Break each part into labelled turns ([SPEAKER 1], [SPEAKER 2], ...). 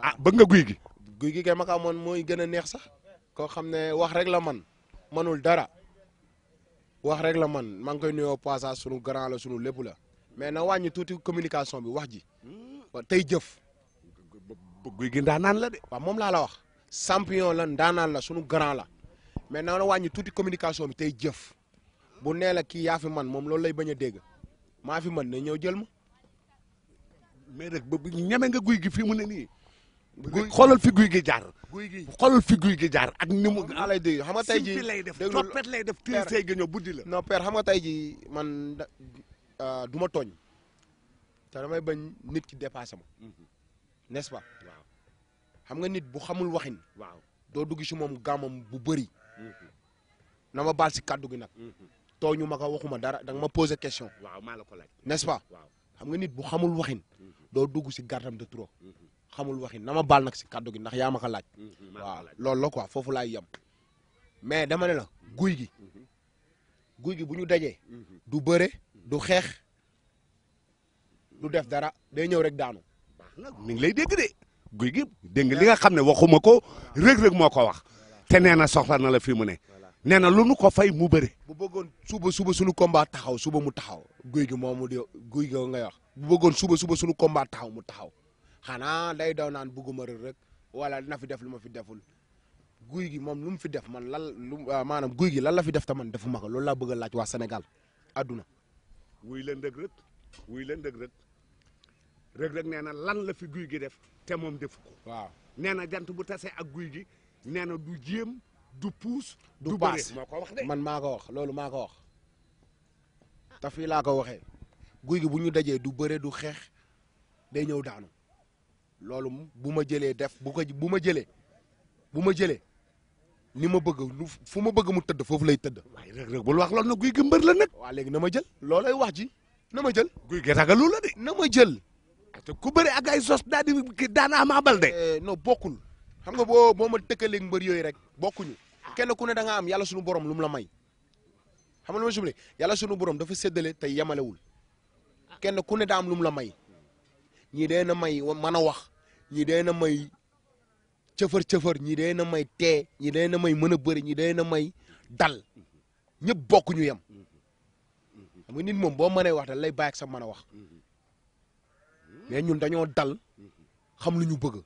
[SPEAKER 1] ah bëgg nga guy gi. guy gi kay ma ko amoon mooy gën a neex sax koo xam ne wax rek la man manul dara wax rek la man maa ngi koy nuyoo passage sunu grand la sunu lépp la mais na wàññi tuuti communication bi wax ji tey jëf. guy gi ndaanaan la moom laa la wax. champion la ndaanaan la sunu grand la mais na wàññi tuuti communication bi tey jëf bu nee la kii yaa fi man moom loolu lay bañ a dégg maa fi man na ñëw jël ma. mais rek ba ñeme nga guy gi fii mu ne nii. guy xoolal fi guy gi jaar. guy gi xoolal fi gi jaar ak ni mu. alay di xam nga tey jii simpi def coppet lay def. teel say gëñoo buddi la. non père xam nga jii man euh, du ma tooñ. te may ba nit ki dépassé ma. Mhm. nest xam nga nit bu xamul waxin. waaw doo dugg si moom gàmmam bu bari mhm. na ma baal si kàddu gi nag. Mhm. tooñu ma ko waxuma dara danga ma posé question.
[SPEAKER 2] waaw maa la ko laaj. n'est-ce pas.
[SPEAKER 1] xam nga nit bu xamul waxin. doo dugg si gàttam de trop. xamul waxi na ma baal nag si kàddu gi ndax yaa ma ko laaj. Mm-hmm. waaw loolu la quoi foofu laay yem. mais dama ne la guy gi. Mm-hmm. guy gi bu ñu dajee. Mm-hmm. du bëre du xeex du def dara day ñëw rek daanu.
[SPEAKER 2] mi ngi lay dégg de guy gi dégg nga li nga xam ne waxuma ko rëg-rëg moo ko wax te nee na soxla na la fi mu ne nee na lu nu ko fay mu bëre bu bëggoon suba suba suñu combat taxaw suba mu taxaw guy gi
[SPEAKER 1] moo mu di guy gi ngay wax bu bëggoon suba suba suñu combat taxaw mu taxaw xanaa day daw naan bugguma rek rek wala na fi def lu ma fi deful guy gi moom lu mu fi def man lan lu ah, guy gi lan la fi def te man defu ko loolu laaj waa Sénégal àdduna.
[SPEAKER 2] wuy leen rek rek wuy leen rek rek rek nee na lan la fi guy gi def te moom defu ko. waaw nee na jant bu tasee ak guy gi nee na du jéem du puus. du paas moo ko wax man maa ko wax loolu maa ko wax
[SPEAKER 1] te fii laa ko waxee guy gi bu ñu dajee du bëree du xeex day ñëw daanu. loolu bu ma jëlee def bu ko bu ma jëlee bu ma jëlee ni ma bëgg lu fu ma bëgg mu tëdd foofu lay tëdd. waaye Reug Reug bul wax loolu nag guy mbër la nag. waa léegi na ma jël loolay wax ji na ma jël. guy gi ragalu la de. na ma jël. te ku bëri ak ay sos daal di daana am abal de. Eh, bokkul xam nga boo boo ma tëkkaleeg mbër yooyu rek bokkuñu kenn ku ne da nga am yàlla suñu borom lu mu la may xam nga lu ma suble yàlla suñu borom dafa séddale te yemalewul kenn ku ne daa am lu la may ñii dee na may mën a wax. ñi day na may cëfër cëfër ñi day may tee ñi day na may mën a bëri ñi day na may dal ñëpp bokk ñu yem xam nga nit moom boo mënee wax dal lay bàyyi ak sa mën a wax mm-hmm. mais ñun dañoo dal xam lu ñu bëgg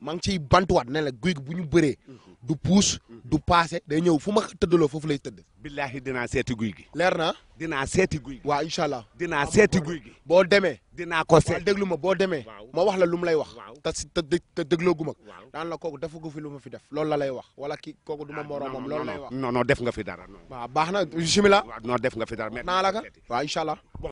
[SPEAKER 1] maa ngi ciy bantuwaat ne la guy bu ñu bëree. du puus du paase day ñëw fu ma tëddaloo foofu lay tëdd.
[SPEAKER 2] billahi dinaa seeti guy gi.
[SPEAKER 1] leer na dinaa seeti guy gi. waaw incha allah dinaa seeti guy gi. boo demee. dinaa ko seet déglu ma boo demee. ma wax la lu mu lay wax. te si te te dégloo gu mag. daan la kooku defu ko fi lu ma fi def. loolu la lay wax wala ki kooku du ma ah, moromam loolu lay wax. non non def nga fi dara. waaw baax na bisimilah. waaw non def nga fi dara. naa la ka waaw incha